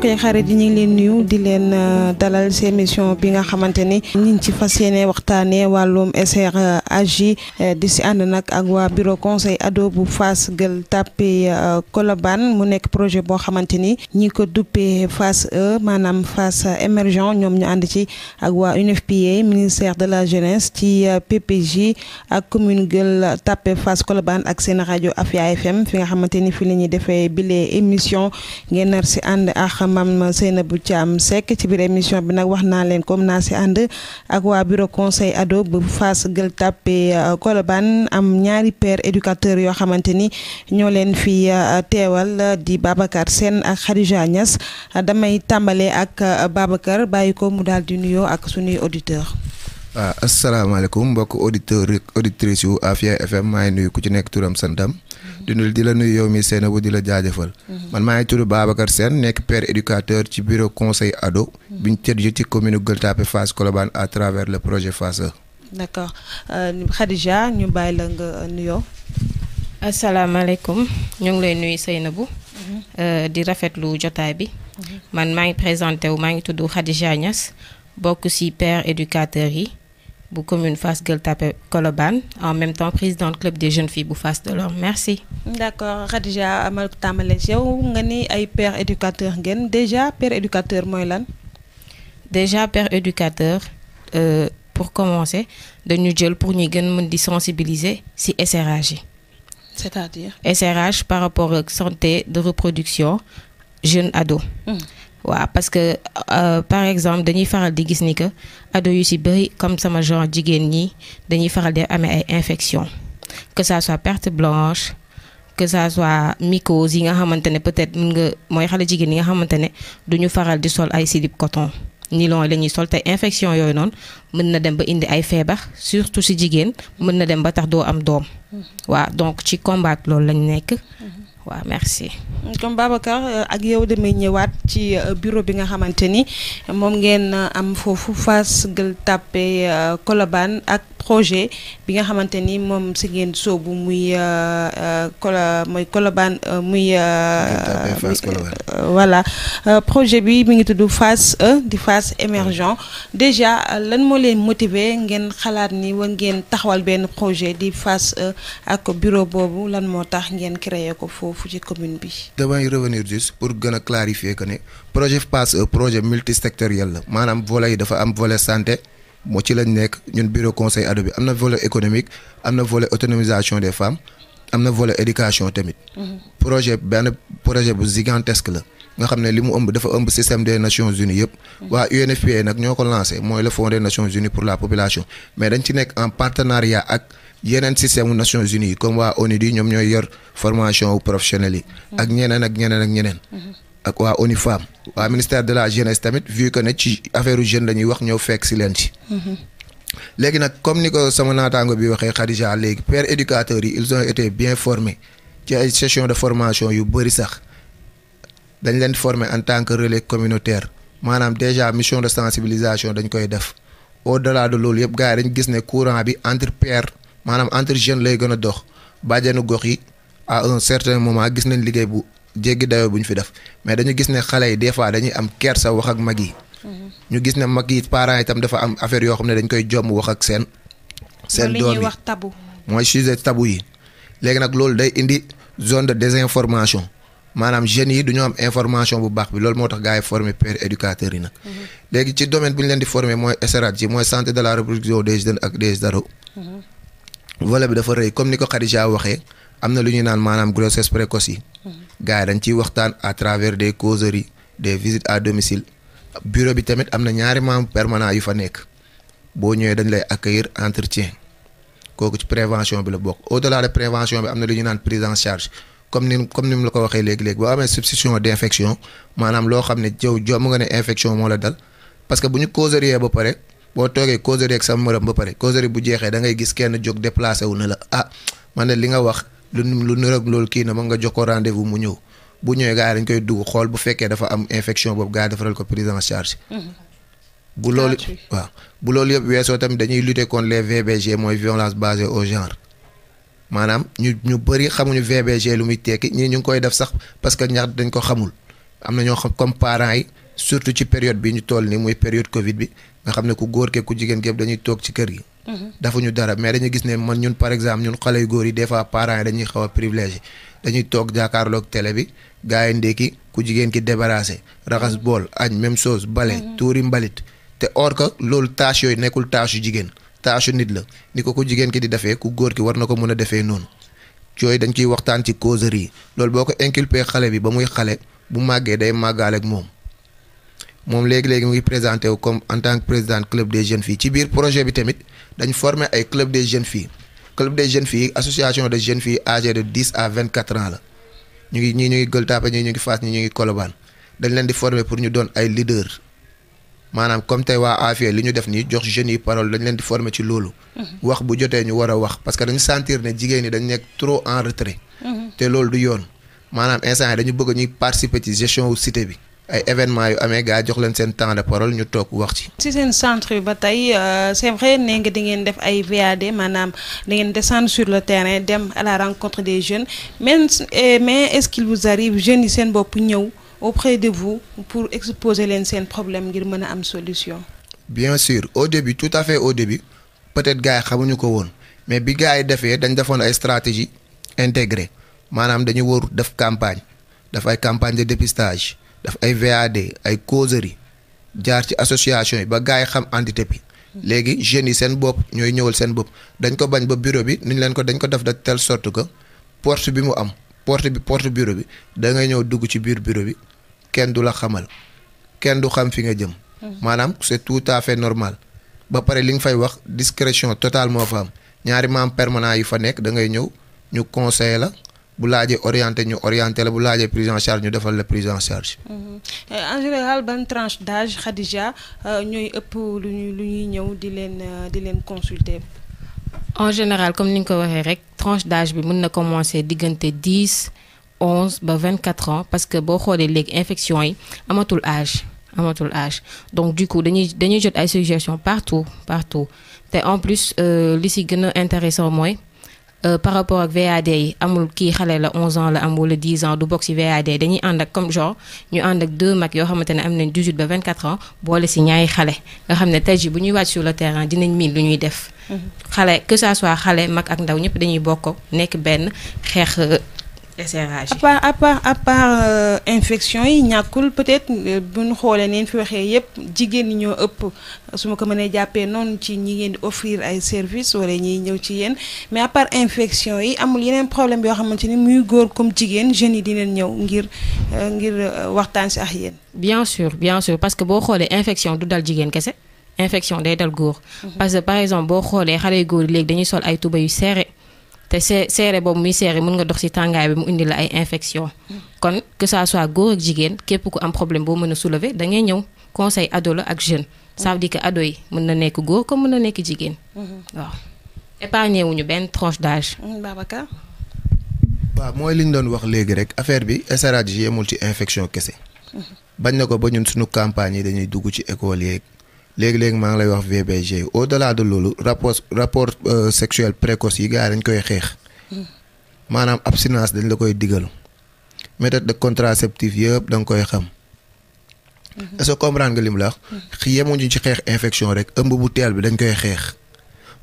mbokk yi xarit yi ñu ngi leen nuyu di leen euh, dalal si émission bi nga xamante ni ñu ngi ci fas yéene waxtaanee wàllum SRAJ euh, di si ànd nag ak waa bureau conseil ado bu Fass Gueule Tapée euh, Colobane mu nekk projet boo xamante ni ñi ko duppee Fass E maanaam fas émergent ñoom ñu ànd ci ak waa UNFPA ministère de la jeunesse ci PPJ ak commune Gueule Tapée Fass Colobane ak seen rajo Afia FM fi nga xamante ni fi la ñuy defee bile émission ngeen nar si ànd ak Mame Seynabou Thiam sekk ci biir émission bi nag wax naa leen comme naa si ànd ak waa bureau conseil ado bu Fass Gueule Tapée euh, Colobane am ñaari père éducateur yoo xamante ni ñoo leen fi euh, teewal euh, di Babacar seen ak Khadija Niass damay tàmbalee ak Babacar bàyyi ko mu daal di nuyoo ak suñuy auditeur waaw ah, asalaamaaleykum mbokk auditeurs auditrices yu Afia FM maa nuyu ku ci nekk turam santam di nuyu di la nuyu yow mi Seynabou di la jaajëfal. Mm-hmm. man maa ngi tudd Babacar seen nekk père éducateur ci bureau conseil ado. Mm-hmm. bi ñu tëdd ci commune Gueule Tapée Fass Colobane à travers le projet Fass. d' accord euh, Khadija ñu bàyyi la nga euh, nuyoo. asalaamaaleykum ñu ngi lay nuyu Seynabou. Mm-hmm. Euh, di rafetlu jotaay bi. man maa ngi présenté wu maa ngi tudd Khadija Niass bokk ci père éducateur yi. bu commune Fass Gueule Tapée Colobane en même temps présidente club des jeunes filles bu Fass Delorme merci. d' accord Khadija amal tàmbale yow nga ni ay père éducateur ngeen déjà père éducateur mooy lan. déjà père éducateur euh, pour commencer dañu jël pour ñuy gën mën di sensibiliser ci SRH yi. c'est-à-dire. SRH par rapport ak santé de reproduction jeune ado. Hmm. waaw parce que euh, par exemple dañuy faral di gis ni que ado yu ci bëri comme sama genre jigéen ñi dañuy faral di amee ay infection que ça soit perte blanche que ça soit mycose yi nga xamante ne peut-être mun nga mooy xale jigéen yi nga xamante ne duñu faral di sol ay silib coton nylon la ñuy sol te infection yooyu noonu mën na dem ba indi ay feebar surtout ci jigéen mën na dem ba tax doo am doom mm-hmm. waaw donc ci combattre loolu lañ nekk mm-hmm. waa merci. comme Babacar euh, ak yow damay ñëwaat ci euh, bureau bi nga xamante ni moom ngeen euh, am foofu Fass Gueule Tapée Colobane ak projet bi nga xamante ni moom si ngeen soobu muy Colo mooy Colobane muy. voilà projet bi mi ngi tudd fas E di fas émergent déjà lan moo leen motiver ngeen xalaat ni war ngeen taxawal benn projet di fas E ak bureau boobu lan moo tax ngeen créer ko foofu. foofu ci commune bi. damay revenir juste pour gën a clarifier que ne projet PASE euh, projet multisectoriel la maanaam volet yi dafa am volet santé moo ci lañ nekk ñun bureau conseil ado bi am na volet économique am na volet autonomisation des femmes am na volet éducation tamit. Mhm. projet benn projet bu gigantesque la. nga xam ne li mu ëmb dafa ëmb système des Nations Unies yëpp mhm. waa UNFPA nag ñoo ko lancé mooy le Fonds des Nations Unies pour la population mais dañ ci nekk en partenariat ak. yeneen système mu Nations yi comme waa ONUDI ñoom ñooy yor formation professionnelle yi. ak ñeneen ak ñeneen ak ñeneen. ak waa ONU Femmes waa ministère de la jeunesse tamit vu que ne ci affaire jeune la ñuy wax ñëw fekk si leen ci. léegi nag comme ni ko sama naataango bi waxee Khadija léegi pères éducateurs yi ils ont été bien formés ci ay session de formation yu bëri sax dañ leen former en tant que relais communautaire maanaam déjà mission de sensibilisation dañ koy def au delà de loolu yëpp gars yi gis ne courant bi entre maanaam entre jeunes lay gën a dox bàjjenu gox yi a un certain moment gis nañ liggéey bu jéggi dayoo bu ñu fi def mais dañu gis ne xale yi des fois dañuy am kersa wax ak mag yi. Mm-hmm. ñu gis ne mag yi parent yi itam dafa am affaire yoo xam ne dañ koy jomm wax ak seen. seen doom yi wax tabu. mooy sujet tabu yi léegi nag loolu day indi zone de désinformation maanaam jeunes yi du ñu am information bu baax bi loolu moo tax gars yi former père éducateurs yi nag. Mm-hmm. léegi ci domaine bu ñu leen di former mooy SRH mooy santé de la reproduction des jeunes ak des ados. Mm-hmm. volet bi dafa rëy comme ni ko Khadija waxee am na lu ñu naan maanaam grossesse précoce yi. Mm-hmm. gars yi dañ ciy waxtaan à travers des causeries des visites à domicile. bureau bi tamit am na ñaari membres permanents yu fa nekk boo ñëwee dañ lay accueillir entretien kooku ci prévention bi la bokk au delà de prévention bi am na lu ñu naan prise en charge comme ni comme ni mu la ko waxee léegi-léegi boo amee substitution d' infection maanaam loo xam ne jëw jomm nga ne infection moo la dal parce que bu ñu causerie ba pare. boo toogee causerie ak sa morom ba pare causerie bu jeexee da ngay gis kenn jóg déplacé wu ne la ah man ne li nga wax lu nu lu niroog loolu kii na ma nga jox ko rendez-vous mu ñëw bu ñëwee gars yi koy dugg xool bu fekkee dafa am infection boobu gars yi ko prise en mm-hmm. loolu waaw bu loolu yëpp weesoo tamit dañuy lutter contre les VBG mooy violence basée au genre maanaam ñu ñu bëri xamuñu VBG lu muy tekki ñii ñu ngi koy def sax parce que ñax dañ ko xamul am na ñoo xam comme parents yi. surtout ci période bi ñu toll ni muy période Covid bi nga xam ne ku góor ke ku jigéen képp dañuy toog ci kër gi. Mm-hmm. dafa ñu dara mais dañu gis ne man ñun par exemple ñun xale yu góor yi des fois parents yi dañuy xaw a privilégié dañuy toog jàkkaarloog télé bi gars yi ndékki ku jigéen ki débarrassé raxas mm-hmm. bool añ même chose bale mm-hmm. tuuri mbalit te or que loolu tâche yooyu nekkul tâche yu jigéen tâche yu nit la ni ko ku jigéen ki di defee ku góor ki war na ko mën a defee noonu yooyu dañ ciy waxtaan ci causerie yi loolu boo ko inculpé xale bi ba muy xale bu màggee day màggaale moom moom léegi-léegi mu ngi présenté wu comme en tant que président club des jeunes filles ci biir projet bi tamit dañ formé ay club des jeunes filles club des jeune fii association de jeune filles âgées de dix à vingt quatre ans la ñu ngi ñu ngi Gueule-Tapée ñu ngi Fass ñii ñu ngi Colobane dañ leen di former pour ñu doon ay leaders maanaam comme tey waa AFIE li ñu def nii jox jeunes yi parole dañ leen di former ci loolu. Mm-hmm. wax bu jotee ñu war wax parce que dañu sentir ne jigéen ñi dañ nekk trop en retrait. Mm-hmm. te loolu du yoon maanaam instant dañu bëgg ñuy participer ci gestion wu cité bi. ay événement yu amee gaa jox leen seen temps de parole ñu toog wax ci. si seen centre ba tey euh, c'est vrai ne nga di ngeen def ay VAD maanaam da ngeen descendre sur le terrain dem à la rencontre des jeunes même eh, mais est qu'il vous arrive jeunes yi seen bopp ñëw auprès de vous pour exposer leen seen problème ngir mën a am solution. bien sûr au début tout à fait au début peut-être gars yi xamuñu ko woon mais bi gars yi defee dañ defoon ay stratégie intégrée maanaam dañu wóor def campagne def ay campagne de dépistage. daf ay VAD ay causerie jaar ci association yi ba gars yi xam entité bi léegi jeunes yi seen bopp ñooy ñëwal seen bopp dañ ko bañ ba bureau bi ni ñu leen ko dañ ko def de telle sorte que porte bi mu am porte bi porte bureau bi da ngay ñëw dugg ci biir bureau bi kenn du la xamal kenn du xam fi nga jëm. Mm-hmm. maanaam c'est tout à fait normal. ba pare li nga fay wax discrétion totale moo fa am ñaari membres permanents yi fa nekk da ngay ñëw ñu conseiller la bu laajee orienté ñu orienté la bu laa prise en charge ñu defal la prise en charge. Mm-hmm. Euh, en général ban tranche d'âge Khadija euh, ñooy ëpp lu ñuy lu ñuy ñëw di leen euh, di leen consulter. en général comme ni nga ko waxee rek tranche d'âge bi mën na commencer diggante dix onze ba vingt quatre ans parce que boo xoolee léegi infection yi amatul age amatul age donc du coup dañuy dañuy jot ay suggestions partout partout te en plus li si gën a intéressant mooy Euh, par rapport ak VAD yi amul kii xale la 11 ans la am wala 10 ans du bokk ci VAD dañuy ànd ak comme genre ñu ànd ak deux mag yoo xamante ne am nañ 18 ba 24 ans boole ci ñaari xale nga xam ne tey jii bu ñuy wàcc sur le terrain dinañ miin lu ñuy def. Mhm. xale que ça soit xale mag ak ndaw ñëpp dañuy bokk nekk benn xeex. Euh, SRH yi. à part à euh, infection yi ñàkkul peut-être euh, bu ñu xoolee neen fi waxee yépp jigéen ñi ñoo ëpp su ma ko mënee jàppee noonu ci ñi ngeen di offrir ay services wala ñiy ñëw ci yéen mais à part infection yi amul yeneen problème yoo xamante ni muy góor comme jigéen jeunes yi dinañ ñëw ngir euh, ngir waxtaan si ax yéen. bien sûr bien sûr parce que boo xoolee infection du dal jigéen kese infection day dal góor. Mhm. parce que par exemple boo xoolee xale yu góor te see seere boobu muy seere mën nga dox ci tàngaay bi mu indi la ay infection kon que ça soit góor ak jigéen képp ku am problème boo mën a soulever da ngay ñëw conseil ado la ak jeune ça di dire que ado yi mën na nekk góor comme mën na nekk jigéen mm-hmm. waaw épargné benn tranche d'âge mm, Babacar waaw mooy li doon wax léegi rek affaire bi SRAJ yemul ci infection kese mm-hmm. bañ na ko ba ñun suñu campagne yi dañuy dugg ci école yeeg léegi-léegi maa ngi lay wax VBG au delà de loolu rapport rapport euh, sexuel précoce yi gars yi dañ koy xeex maanaam abstinence dañ la koy digal méthode de contraceptive yëpp da nga koy xam est-ce que comprendre nga li mu la wax yemuñu ci xeex infection rek ëmb bu teel bi dañ koy xeex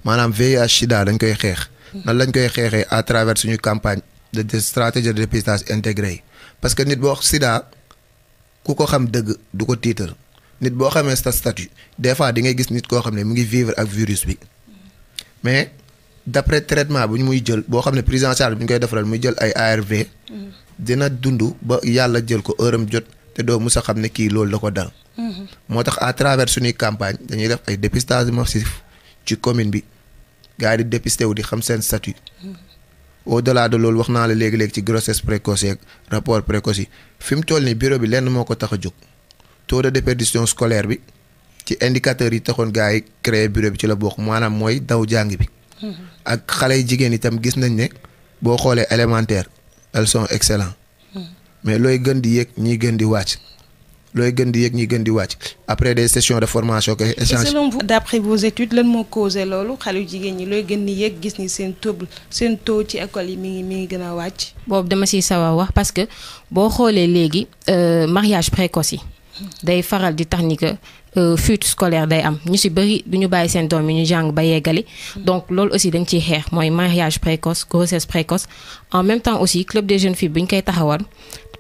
maanaam VIH sida dañ koy xeex nan lañ koy xeexee à travers suñu campagne de stratégie de dépistage intégrée parce que nit boo sida ku ko xam dëgg du ko tiital nit boo xamee sa statut des fois di ngay gis nit koo xam ne mu ngi vivre ak virus bi mais d'après traitement bu ñu muy jël boo xam ne prise en charge bi ñu koy defaral mu jël ay ARV. dina dund ba yàlla jël ko heure am jot te doo mus a xam ne kii loolu la ko dal. moo tax à travers suñuy campagne dañuy def ay dépistage massif ci commune bi gars yi di dépisté wu di xam seen statut. au delà loolu wax naa la léegi-léegi ci grossesse précoce yeeg rapport précoce yi fi mu toll nii bureau bi lenn moo ko tax a jóg. taux de déperdition scolaire bi ci indicateurs yi taxoon gars yi créé bureau bi ci la bokk maanaam mooy daw jàng bi. Mm-hmm. ak xale yu jigéen yi tam gis nañ ne boo xoolee élémentaire elles sont excellentes. Mm-hmm. mais looy gën di yéeg ñiy gën di wàcc. looy gën di yéeg ñiy gën di wàcc après de session de formation que échange. selon vous d'après vos études lan moo causé loolu xale yu jigéen ñi looy gën di yéeg gis ni seen taux seen taux ci école yi mi ngi mi ngi gën a wàcc. boobu dama siy sawar wax parce que boo xoolee léegi euh, mariage précoce yi. day faral di tax ni que euh, fuite scolaire day am ñu si bëri du ñu bàyyi seen doom yi ñu jàng ba yeggali donc loolu aussi dañ ciy xeex mooy mariage précoce grossesse précoce en même temps aussi club des jeunes fii bu ñu koy taxawal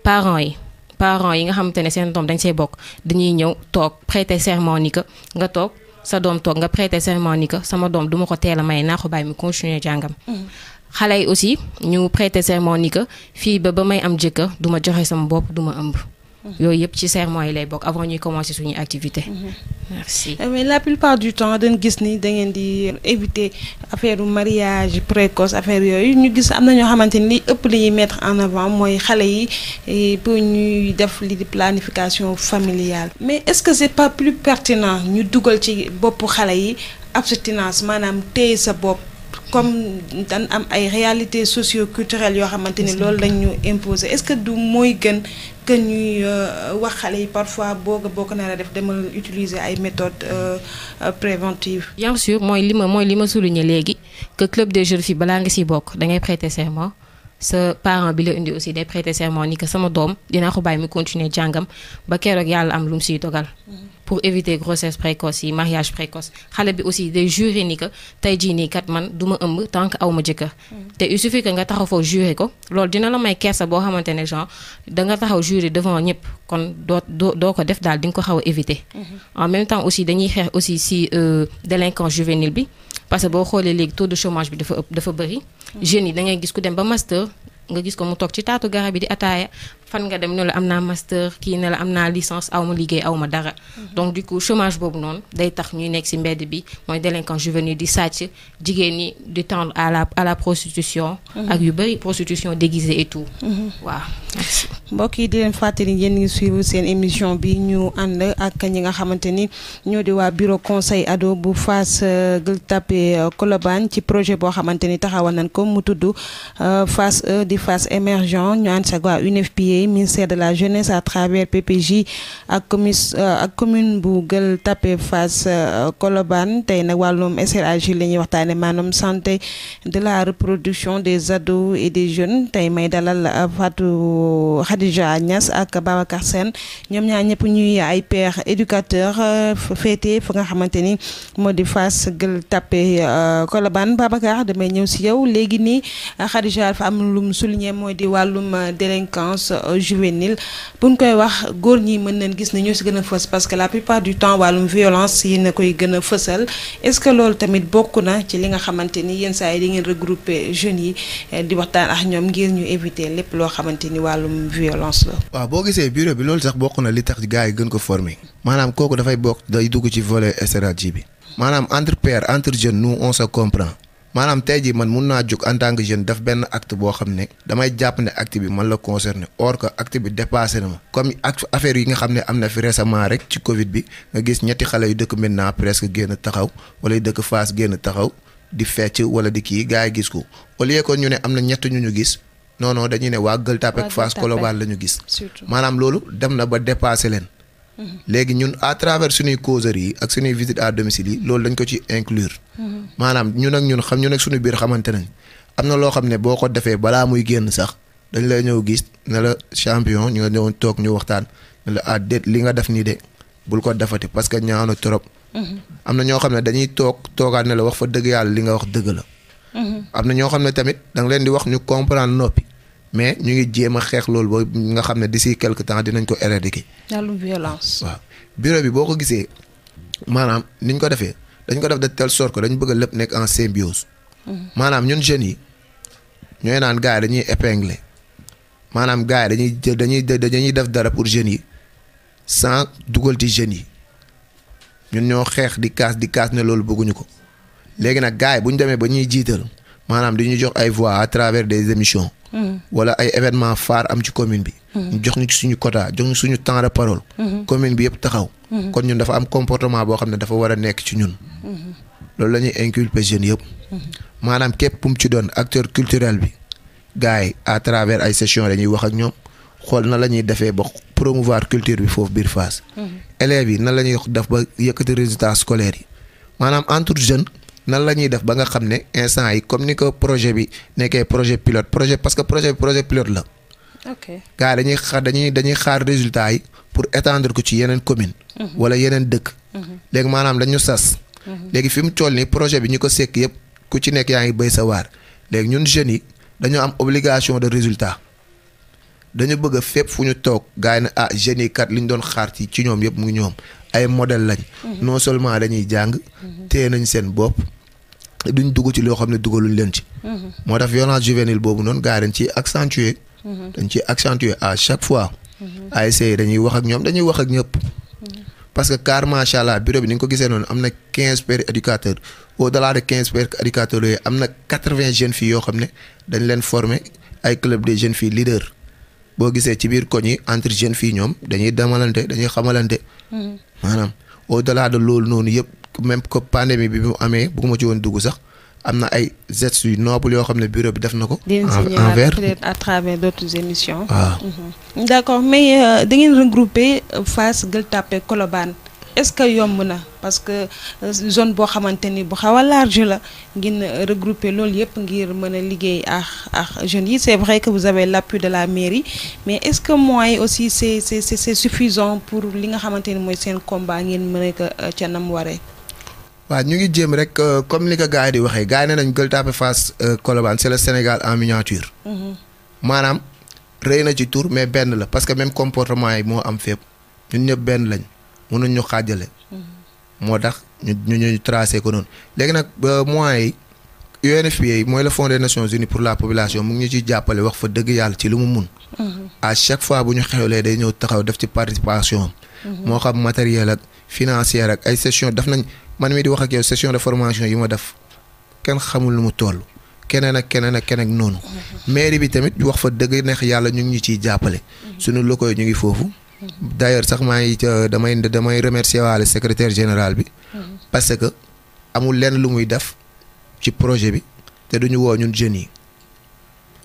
parents yi parents yi nga xamante ne seen doom dañ see bokk dañuy ñëw toog prêter serment ni que nga toog sa doom toog nga prêter serment ni sama doom duma ko teel a may naa ko bàyyi mu continuer jàngam xale yi aussi ñu prété serment ni que fii ba ba may am jëkkër duma joxe sama bopp duma ëmb Mhm. yooyu yëpp ci sermon yi lay bokk avant ñuy commencer suñuy activité mhm. merci euh, mais la du temps dañ gis ni da ngeen di éviter affaire mariage précoce affaire yooyu ñu gis am na ñoo xamante ni li ëpp li ñuy mettre en avant mooy xale yi pour ñuy def li di planification familiale mais est-ce que c'est pas plus pertinent ñu dugal ci boppu xale yi abstinence maanaam téye sa bopp comme dañ am ay réalités socio-culturelles yoo xamante ni loolu lañ ñu que ñuy euh, wax xale yi parfois boo boo ko nar a def dama utiliser ay méthodes euh, euh, préventives. bien sûr mooy li ma mooy li ma souligné léegi que club des jeunes filles balaa nga siy bokk da ngay prêter serment sa parent bi la indi aussi day prêter serment ni que sama doom dina ko bàyyi mu continuer jàngam ba keroog yàlla am lu mu siy dogal. Mm-hmm. pour éviter grossesse précoce yi mariage précoce xale bi aussi day juré ni que tey jii kat man du ma ëmb tant que aw ma jëkkër mm. te il suffit que nga taxaw foofu juré ko loolu dina la may kersa boo xamante ne genre da taxaw juré devant ñëpp kon doo doo doo ko def daal di nga ko xaw a éviter mm-hmm. en même temps aussi dañuy xeex aussi si euh, délinquance juvénile bi parce que boo xoolee léegi taux de chômage bi dafa dafa bëri mm. jeunes yi da ngay gis ku dem ba master nga gis ko mu toog ci fan nga dem ne la am na master kii ne la am naa licence aw ma liggéey aw ma dara. Mhm. donc du coup chômage boobu noonu day tax ñu nekk ci mbedd bi mooy délinquant juvénile di sàcc jigéen ñi di tendre à la à la prostitution. Mhm. ak yu bëri prostitution déguisée et tout. Mhm. waaw mbokk yi di leen fàttali yéen ngi suivre seen émission bi ñu ànd ak ñi nga xamante ni ñoo di waa bureau conseil ado bu Fass euh, Gueule Tapée euh, Colobane ci projet boo xamante ni taxawal nañ ko mu tudd euh, fas e di fas émergent liggéey ministère de la jeunesse à travers PPJ ak commis euh, ak commune bu Gueule Tapée Fass euh, Colobane tey nag wàllum SRAJ la ñuy waxtaane maanaam santé de la reproduction des ados et des jeunes tey may dalal euh, Fatou Khadija Niass ak Babacar Sène ñoom ñaar ñëpp ñuy ay père éducateur féete fa nga xamante ni moo di Fass Gueule Tapée Colobane Babacar damay ñëw si yow léegi nii Khadija dafa lum souligné mooy di wàllum délinquance juvénile buñ koy wax góor ñi mën nañ gis ne ñoo si gën a fës parce que la plupart du temps wàllum violence yi na koy gën a fësal est-ce que loolu tamit bokk na ci li nga xamante ni yenn saa yi di ngeen regrouper jeunes yi eh, di waxtaan ak ñoom ngir ñu éviter lépp loo xamante ni wàllum violence la. waaw boo gisee bureau bi loolu sax bokk na li tax gars yi gën ko former maanaam kooku dafay bokk day dugg ci volet stratégie bi maanaam entre pairs entre jeunes nous on se comprend. maanaam tey jii man mun naa jóg en tant que jeune def benn acte boo xam ne damay jàpp ne acte bi man la concerné or que acte bi dépassé na ma comme ak affaire yi nga xam ne am na fi récemment rek ci Covid bi nga gis ñetti xale yu dëkk maintenant presque génn taxaw wala yu dëkk Fass génn taxaw di fecc wala di kii gars yi gis ko au lieu que ñu ne am na ñett ñu ñu gis non non ne waa Gueule Tapée ak Fass Colobane la ñu gis. maanaam loolu dem na ba dépassé leen. léegi ñun à travers suñuy causeries yi ak suñuy visite à domicile yi loolu dañ ko ci inclure. maanaam ñun ak ñun xam ñun ak suñu biir xamante nañ am na loo xam ne boo ko defee balaa muy génn sax dañ lay ñëw gis ne la champion ñu nga ñëwoon toog ñu waxtaan ne la ah li nga def nii de bul ko defati parce que ñaanu trop. Mm-hmm. am na ñoo xam ne dañuy toog toogaat ne la wax fa dëgg yàlla li nga wax dëgg la. Mm-hmm. am na ñoo xam ne tamit danga leen di wax ñu comprendre noppi. mais ñu ngi jéem a xeex loolu ba nga xam ne di si quelque temps dinañ ko éradiquer. wàllu violence. waaw bureau bi boo ko gisee maanaam ni ñu ko defee dañ ko def de telle sorte que dañ bëgg a lépp nekk en symbiose. Mm-hmm. maanaam ñun jeunes yi ñooy naan gars dañuy épingler maanaam gars yi dañuy dañuy dañuy def dara pour jeunes yi sans dugal ci jeunes yi ñun ñoo xeex di kaas di kaas ne loolu bëgguñu ko léegi nag gars yi bu ñu demee ba ñuy jiital maanaam di ñu jox ay voix à travers des émissions. wala ay événement phare am ci commune bi. ñu jox ñu ci suñu quota jox ñu suñu temps parole. commune bi yëpp taxaw. kon ñun dafa am comportement boo xam ne dafa war a nekk ci ñun. loolu la ñuy inculper jeunes yëpp. maanaam képp kum ci doon acteur culturel bi. gars yi à travers ay sessions dañuy wax ak ñoom xool na la ñuy defee ba promouvoir culture bi foofu biir Fass. Mm-hmm. élèves yi nan la ñuy def ba yëkkati résultats scolaires yi maanaam entre jeunes. nan la ñuy def ba nga xam ne instant yi comme ni ko projet bi nekkee projet pilot projet parce que projet bi projet la. ok gars dañuy xaar dañuy xaar résultat yi pour étendre ko ci yeneen commune mhm. wala yeneen dëkk. Mhm. léegi maanaam dañu sas. Mhm. léegi fi mu toll nii projet bi ñu ko sekk yëpp ku ci nekk yaa ngi béy sa waar léegi ñun jeunes yi dañoo am obligation de résultat dañu bëgg a fépp fu ñu toog gars yi ne ah jeunes yi kat li ñu doon xaar ci ci ñoom yëpp mu ngi ñoom ay modèle lañ. non seulement dañuy jàng. téye nañ seen bopp. duñ dugg ci loo xam ne dugaluñ leen ci. Mhm. moo tax violence juvénile boobu noonu gars mhm. dañ ciy accentuer. à chaque fois. Mhm. ASC dañuy wax ak ñoom dañuy wax ak ñëpp. parce que car macha allah bi ni nga ko gisee noonu am na quinze pères éducateurs au delà de quinze pères éducateurs yooyu am na quatre vingt jeunes filles yoo xam ne dañ leen former ay club des jeunes fii leader boo gisee ci biir koñ yi entre jeunes fii ñoom dañuy damalante dañuy xamalante. maanaam o delà de loolu noonu yëpp même ko pandémie bi mu amee bëgguma ci woon dugg sax am na ay gestes yu noble yoo xam ne bureau bi def na ko. envers peut-être à travers d'autres émissions. waaw ah. mhm. mais euh, da ngeen regroupé euh, Fass Gueule Tapée Colobane est-ce que yomb na parce que euh, zone boo xamante ni bu xaw a large la ngeen regrouper loolu yëpp ngir mën a liggéey ak ak jeunes yi c'est vrai que vous avez l'appui de la mairie mais est que moyens aussi c'est c'est c'est suffisant pour li nga xamante ni mooy seen combat ngeen mën a ca nam waree. waaw ñu ngi jéem rek euh, comme ni ko gars yi di waxee gars yi ne nañ Gueule Tapée Fass euh, Colobane c'est le Sénégal en miniature. Mm-hmm. maanaam rëy na ci tour mais benn la parce que même comportement yi moo am fépp ñun ñëpp benn lañ mënuñ ñu xaajale. Mm-hmm. moo tax ñu ñu ñu tracé ko noonu léegi nag euh, mois yi. UNFPA mooy la Fonds des Nations Unies pour la population mu ngi ñu ciy jàppale wax fa dëgg yàlla ci lu mu mun. Mm-hmm. à chaque fois bu ñu xewlee day ñëw taxaw def ci participation am. moo xam matériel ak financière ak ay session def nañ man mi di wax ak yow session de formation yi ma def kenn xamul lu mu toll keneen ak keneen ak keneen noonu. Mm-hmm. mairie bi tamit wax fa dëgg neex yàlla ñu ngi ñu ciy jàppale. Mm-hmm. suñu locaux yi ñu ngi foofu. Mm-hmm. d'ailleurs sax maa ngi damay damay remercier waale secrétaire général bi. parce que amul lenn lu muy def ci projet bi te duñu woo ñun jeunes yi.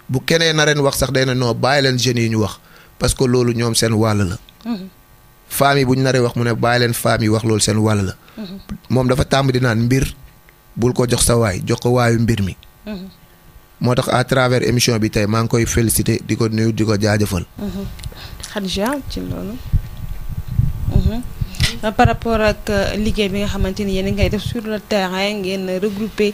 bu keneen na ren wax sax day na non bàyyi leen jeunes yi ñu wax parce que loolu ñoom seen wàll la. femmes yi bu ñu naree wax mu ne bàyyi leen femmes yi wax loolu seen wàll la. moom dafa tàmbali naan mbir bul ko jox sa waay jox ko waayu mbir mi. moo tax à travers émission bi tey maa ngi koy féliciter di ko nuyu di ko jaajëfal. Khadija ci loolu. Euh, par rapport ak euh, liggéey bi nga xamante ni yéen ngay def sur le terrain ngeen regroupé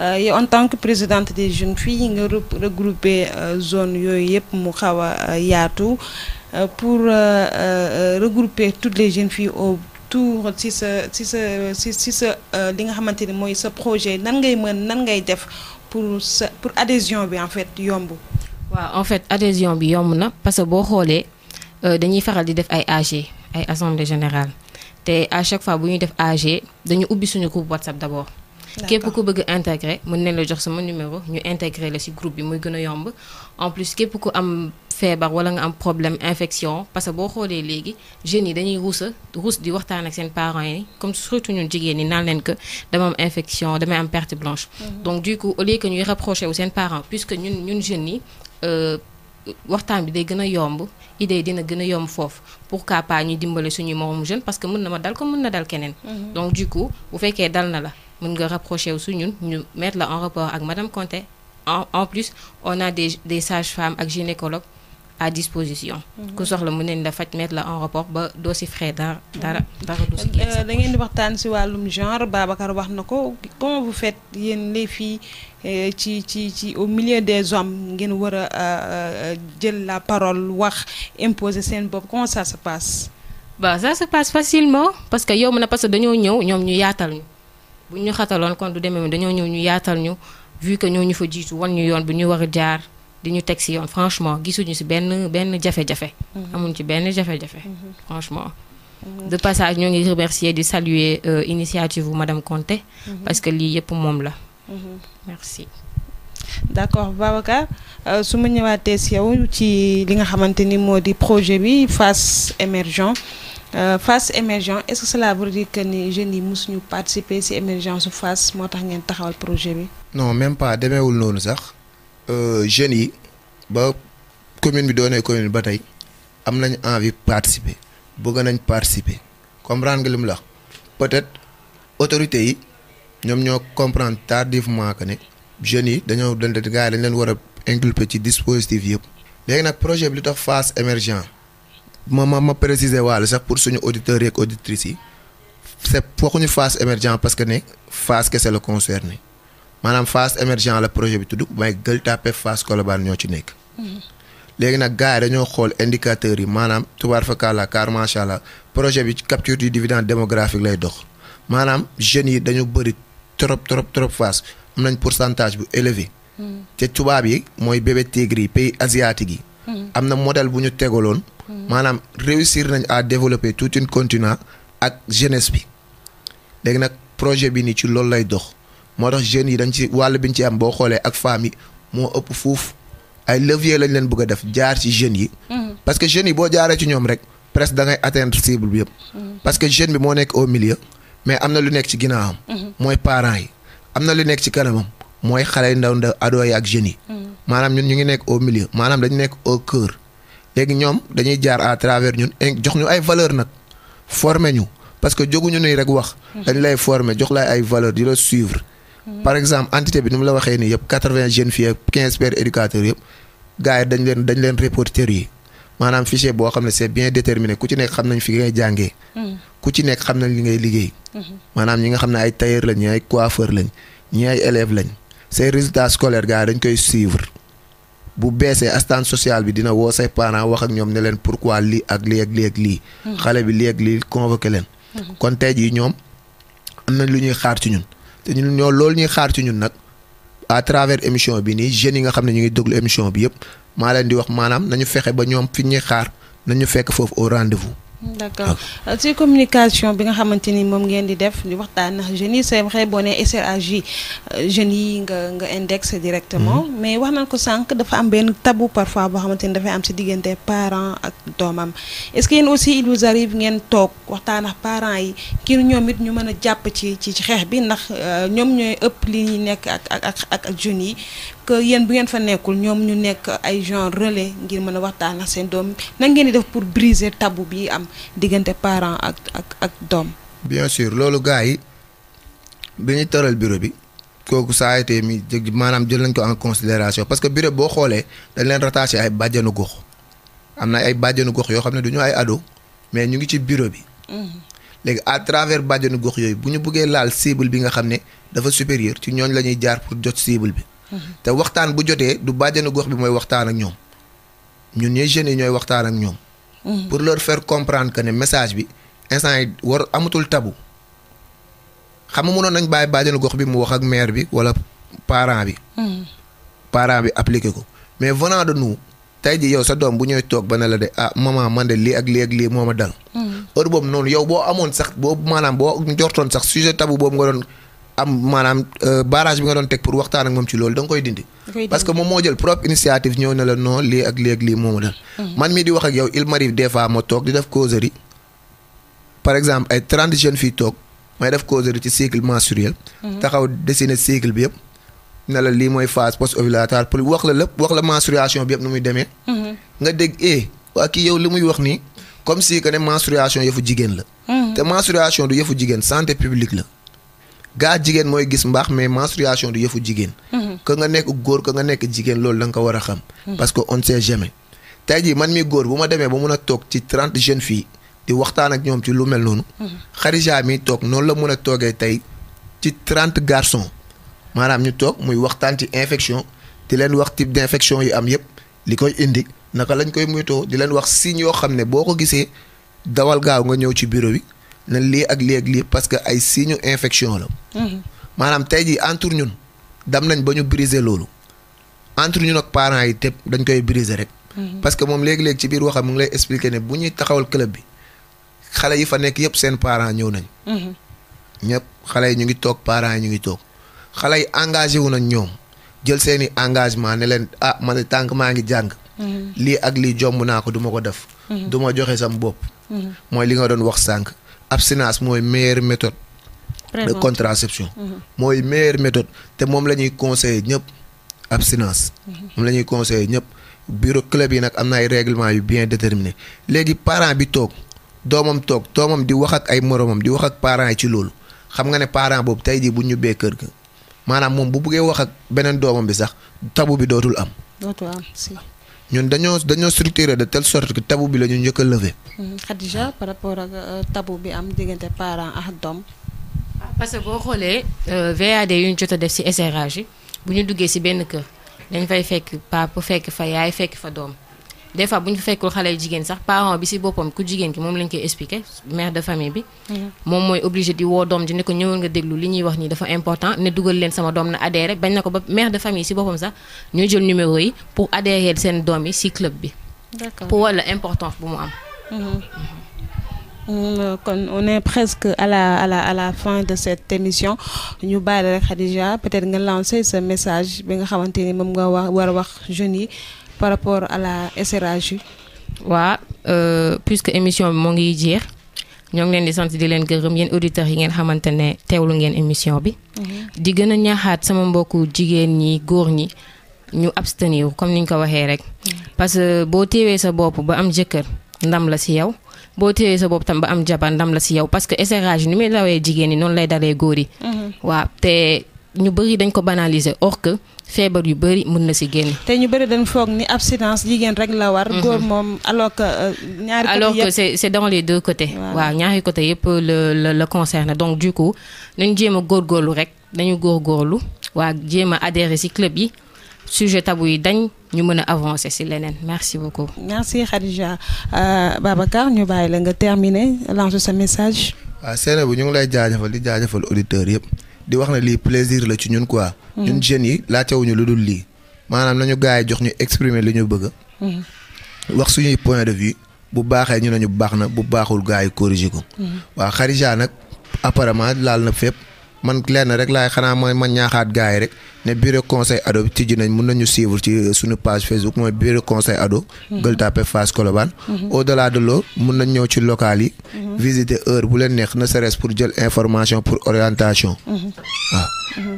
euh, yow en tant que présidente des jeunes filles nga regroupé zone yooyu yëpp mu xaw a yaatu. Euh, pour euh, euh, regrouper touts les jeunes filles au tour ci sa ci sa ci ci sa li nga xamante ni mooy sa projet nan ngay mën nan ngay def pour sa pour adhésion bi en fait yomb. waaw en fait adhésion bi yomb na parce que boo xoolee dañuy faral di def ay AG ay assemblée général te à chaque fois bu ñuy def AG dañu ubbi suñu groupe WhatsApp d'abord. képp ko bëgg intégrer mën nañ la jox sama numéro ñu intégrer la ci groupe bi muy gën a yomb en plus képp ko am. feebar wala nga am problème infection parce que boo xoolee léegi jeunes yi dañuy ruus a ruus di waxtaan ak seen parents yi comme surtout ñun jigéen ñi naan leen que dama am infection damay am perte blanche. Mhm. donc du coup au lieu que ñuy rapproché wu seen parents puisque ñun ñun jeunes yi. Euh, waxtaan bi day gën a yomb idée dina gën a yomb foofu pour cas dimbale suñuy moroom jeune parce que mën na ma dal ko mën na dal keneen. Mhm. donc du coup bu fekkee dal na la mën nga rapproché wu su ñun ñu mettre en rapport ak madame Conté en en plus on a des des sages-femmes ak gynécologues. à disposition. Mhm. ku soxla mu neen la faj mettre la en rapport ba doo si frais dara dara mhm. dara du si. Euh, da ngeen di waxtaan si wàllum genre Babacar wax na ko comment vous fait yéen les filles euh, ci ci ci au millier des hommes ngeen war a euh, jël la parole wax imposer seen bopp comment ça se passe. waaw ça se passe facilement parce que yow mën na parce que dañoo ñëw ñoom ñu yaatal ñu bu ñu xataloon kon du demee dañoo ñëw ñu yaatal ñu vu que ñoo ñu fa jiitu wan ñu yoon bu ñu war a jaar. di ñu teg si yoon franchement gisuñu si benn benn jafe-jafe. Mhm. amuñ ci benn jafe-jafe. Mhm. franchement. Mhm. de passage ñoo ngi remercier di saluer euh, initiative bu madame Conté. parce que lii yëpp moom la. merci. d' accord Babacar euh, su ma ñëwaatee si yow ci li nga xamante ni moo di projet bi face émergent euh, face émergent est ce que cela veut ni jeunes yi mu suñu participer si émergence su face moo tax ngeen taxawal projet bi. non même pas demeewul noonu sax. Euh, jeunes yi ba commune bi doonee commune ba tey am nañ envie participer bëgg nañ participer comprendre nga li mu la peut-être autorités yi ñoom ñoo comprendre tardivement que ne jeunes yi dañoo dañ gaa yi dañ leen war a inculper ci dispositif yëpp. léegi nag projet bi li tax phase émergent ma ma présiser préciser waale sax pour suñu auditeurs yeeg auditrices yi c'est waxuñu phase émergent parce que ne phase kese la concerné. maanaam phase émergent la projet bi tudd may Gueule Tapée Fass Colobane ñoo ci nekk. léegi nag gars yi dañoo xool indicateurs yi maanaam tubaar fakala car macha allah projet bi capture du dividende démographique lay dox maanaam jeunes yi dañu bëri trop trop trop fas am nañ pourcentage bu élevé. te tubaab yi mooy bébé tigre yi pays asiatique yi. am na modèle bu ñu tegaloon. maanaam réussir nañ à développer tout un continent ak jeunesse bi léegi nag projet bi nii ci loolu lay dox. moo tax jeunes yi dañu ci wàll bi ñu ci am boo xoolee ak femmes yi moo ëpp fuuf ay levier lañ leen bëgg a def jaar ci jeunes yi. Mhm. parce que jeunes yi boo jaaree ci ñoom rek presque da ngay cible bi yëpp. Mhm. parce que jeune bi moo nekk au milieu. mais am na lu nekk ci ginnaawam. Mhm. mooy parents yi am na lu nekk ci kanamam mooy xale ndaw ndaw ado yi ak jeunes yi. maanaam ñun ñu ngi nekk au milieu maanaam dañu nekk au cœur léegi ñoom dañuy jaar à travers ñun jox ñu ay valeur nag former ñu parce que jóguñu nii rek wax. dañu lay former jox lay ay valeur di la suivre. Mhm. par exemple entité bi ni mu la waxee nii yëpp quatre vingt jeunes filles ak quinze pères éducateurs yëpp gars yi leen dañ yi maanaam fichier boo xam ne c'est bien déterminé ku ci nekk xam nañ fi ngay jàngee. Mhm. ku ci nekk xam nañ li ngay liggéey. Mhm. maanaam ñi nga xam ne ay tailleur lañ ñi ay coiffeur lañ ñi ay élèves lañ say résultats scolaires gars dañ koy suivre bu beesee assistante sociale bi dina woo say parents wax ak ñoom ne leen pourquoi lii ak lii ak lii ak lii. xale bi lii ak lii convoqué leen. kon tey jii ñoom am nañ lu ñuy xaar ci ñun. te ñun ñoo loolu ñuy xaar ci ñun nag à travers émission bi nii jeunes yi nga xam ne ñu ngi déglu émission bi yëpp maa leen di wax maanaam nañu fexe ba ñoom fi ñuy xaar nañu fekk foofu au rendez-vous. d'accord ah. euh, ci communication bi nga xamante ni moom ngeen di def di waxtaan nax jeunes yi c'est vrai boo nee SRAJ euh, jeunes yi nga nga index directement. Mm-hmm. mais wax nañ ko sànq dafa am benn tabou parfois boo xamante ni dafay am ci diggante parent ak doomam est-ce que yéen aussi il vous arrive ngeen toog waxtaan nax parent yi ngir ñoom it ñu mën a jàpp ci ci xeex bi ndax euh, ñoom ñooy ëpp lii ñuy nekk ak ak ak ak jeunes yi. ko yéen bu ngeen fa nekkul ñoom ñu nekk ay genre relais ngir mën a waxtaan ak seen doom nan ngeen di def pour briser tabou bii am diggante parent ak ak ak doom. bien sûr loolu gars yi bi ñu tëral bureau bi kooku saa été mi maanaam jël nañ ko en considération parce que bureau boo xoolee dañ leen rattaché ay bàjjanu gox am na ay bàjjanu gox yoo xam ne du ñu ay ado mais ñu ngi ci bureau bi. Mm-hmm. léegi à travers bàjjanu gox yooyu bu ñu bëggee laal cible bi nga xam ne dafa supérieur ci ñooñu la ñuy jaar pour jot cible bi. te waxtaan bu jotee du bàjjenu gox bi mooy waxtaan ak ñoom ñun ñuy jeunes yi ñooy waxtaan ak ñoom. Mm-hmm. pour leur faire comprendre que ne message bi instant yi war amatul tabu xam nga mënoon nañ bàyyi bàjjenu gox bi mu wax ak maire bi wala parent bi. Mm-hmm. parent bi appliqué ko mais venant de nu tey ji yow sa doom bu ñooy toog ba ne la de ah maman man de lii ak lii ak lii moo ma dal. Mm-hmm. heure boobu noonu yow boo amoon sax boobu maanaam boo njortoon sax sujet tabu boobu nga am maanaam euh, barrage bi nga doon teg pour waxtaan ak moom ci loolu da koy dindi. parce que moom moo jël propre initiative ñëw na la lii ak lii ak lii moomu dal mhm. man mii di wax ak yow il m'arrive des fois ma toog di def causerie par exemple ay trente jeunes fii toog may def causerie ci cycle menstruel. Mhm. taxaw dessiner cycle bi yëpp. ne la lii mooy phase post ovulatoire pour wax la lépp wax la menstruation bi yëpp nu muy demee. Mhm. nga dégg eh waa kii yow muy wax nii comme si que ne menstruation yëfu jigéen la. te menstruation du yëfu jigéen la. gaa jigéen mooy gis mbaax mais menstruation du yëfu jigéen. que mm-hmm. nga nekk góor que nga nekk jigéen loolu la nga ko war a xam. Mm-hmm. parce que on ne jamais. tey jii man mi góor bu ma demee ba mun a toog ci trente jeunes fii di waxtaan ak ñoom ci lu mel noonu. Xarija mm-hmm. mi toog noonu la mun a toogee tey ci trente garçons maanaam ñu toog muy waxtaan ci infection di leen wax type d' infection yi am yëpp li koy indi naka lañ koy muytoo di leen wax signes yoo xam ne boo ko gisee dawal gaaw nga ñëw ci bureau bi. na lii ak lii ak lii que ay signe infection la. Mhm. maanaam tey jii entre ñun dem nañ ba ñu loolu entre ñun ak parents yi te dañ koy briser rek. Mhm. parce que moom léegi-léegi ci biir waxam mu ngi lay expliquer bu ñuy taxawal club bi xale yi fa nekk yëpp seen parents ñëw nañ. Mhm. ñëpp xale yi ñu ngi toog parents ñu ngi toog xale yi engagé wu nañ ñoom jël seeni engagement ne leen ah man tànk maa ngi jàng. lii ak lii jomb naa ko duma ko def. du ma joxe sam bopp. mooy li nga doon wax sànq. abstinence mooy meilleure méthode. de contraception. Mhm. mooy meilleure méthode te moom la ñuy conseiller ñëpp abstinence. Mhm. moom la ñuy conseiller ñëpp bureau club yi nag am na ay règlement yu bien déterminé léegi parent bi toog doomam toog doomam di wax ak ay moroomam di wax ak parent yi ci loolu xam nga ne parent boobu tey jii bu ñu ñubbee kër gi maanaam moom bu buggee wax ak beneen doomam bi sax tabu bi dootul am. ñun dañoo dañoo structuré de telle sorte que tabou bi la ñu njëkk a levé. Hmm. par rapport ak euh, tabou bi am diggante parent ak doom. Ah, parce que boo xoolee euh, VAD yu ñu jot a def ci SRH bu ñu duggee ci benn kër dañ fay fekk papa fekk fa yaay fekk fa doom. des fois bu ñu fekkul xale yu jigéen sax parent bi si boppam ku jigéen ki moom lañ koy expliquer mère de famille bi. moom mooy obligé di woo doom ji ne ko ñëwal nga déglu li ñuy wax nii dafa important ne dugal leen sama doom na adhéré bañ na ko ba mère de famille si boppam sax ñooy jël numéro yi pour adhérer seen doom yi si club bi. d'accord pour wala importance bu mu am. Mm-hmm. Mm-hmm. Euh, kon on est presque à la à la à fin de cette émission ñu bàyyi la rek Khadija peut-être message bi nga xamante ni moom nga war war a wax jeunes yi. par rapport à la SRAJ waa euh, puisque émission bi moo ngi jeex ñoo ngi leen di sant di leen gërëm yéen auditeurs yi ngeen xamante ne teewlu ngeen émission bi mhm. di gën a ñaaxaat sama mbokku jigéen ñi góor ñi ñu abstenir comme ni niñ ko waxee rek mhm. parce que boo téewee sa bopp ba am jëkkër ndam la si yow boo téyee sa bopp tam ba am jabar ndam la si yow parce que SRAJ ni muy dawee jigéen ñi noonu lay dalee góor yi mhm. waaw te ñu bëri dañ ko banaliser or feebar yu bëri mun na si génn. te ñu bëri dañ foog ni abstinence jigéen rek la war. Mhm. góor moom alors que euh, ñaari côté alors que c'est c'est dans les deux côtés. waaw ñaari côté yëpp la la la concerne donc du coup nañ jéem a góorlu rek dañu góor góorlu waa jéem a adhéré si club yi. sujet tabu yi dañ ñu mën a avancé ci leneen merci beaucoup. merci Khadija euh, Babacar ñu bàyyi la nga terminer lancer sa message. waaw Seynabou ñu ngi lay jaajëfal di jaajëfal auditeurs yëpp. di wax na lii plaisir la ci ñun quoi. Hmm. ñun jeunes yi laajtewuñu lu dul lii maanaam nañu gars yi jox ñu exprimer li ñu bëgg. Hmm. wax suñuy point de vue bu baaxee ñu ne ñu baax na bu baaxul gars yi corrigé ko. Hmm. waa Khadija nag apparemment laal na fépp man lenn rek laay xanaa mooy ma ñaaxaat gars yi rek. ne bureau conseil ado bi tijji nañ mun nañu suivre ci euh, suñu page Facebook mooy bureau conseil ado. Mhm. Gueule Tapée Fass Colobane. Mhm. au delà de loolu mun nañ ñëw ci local yi. Mhm. visiter heure bu leen neex ne serait pour jël information pour orientation. waaw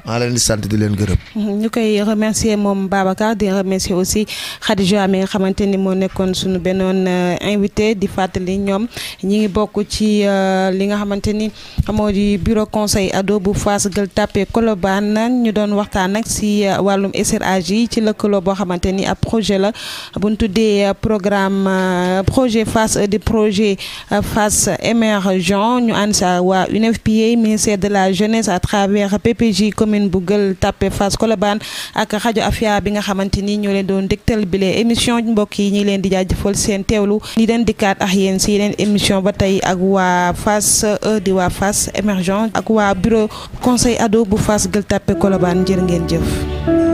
maa leen di sant di leen gërëm. ñu koy remercier moom Babacar di remercier aussi Khadija mi nga moo nekkoon suñu bennoon euh, invité di fàttali ñoom ñi ngi bokk ci euh, li nga xamante ni bureau conseil ado bu nag si euh, wàllum SRAG yi ci lëkkaloo boo xamante ni ab projet la bu de tuddee euh, programme euh, projet face de projet face émergent ñu ànd sa waa UNFPA ministère de la jeunesse à travers PPJ commune bu Gueule Tapée Fass Colobane ak rajo Afia bi nga xamante ni ñoo leen doon dégtal bile émission mbokk yi ñu leen di jaajëfal seen teewlu di leen dikkaat ak yéen si yeneen émission ba tey ak waa Fass di waa Fass émergent ak waa bureau conseil ado bu Fass Gueule Tapée ngeen jëf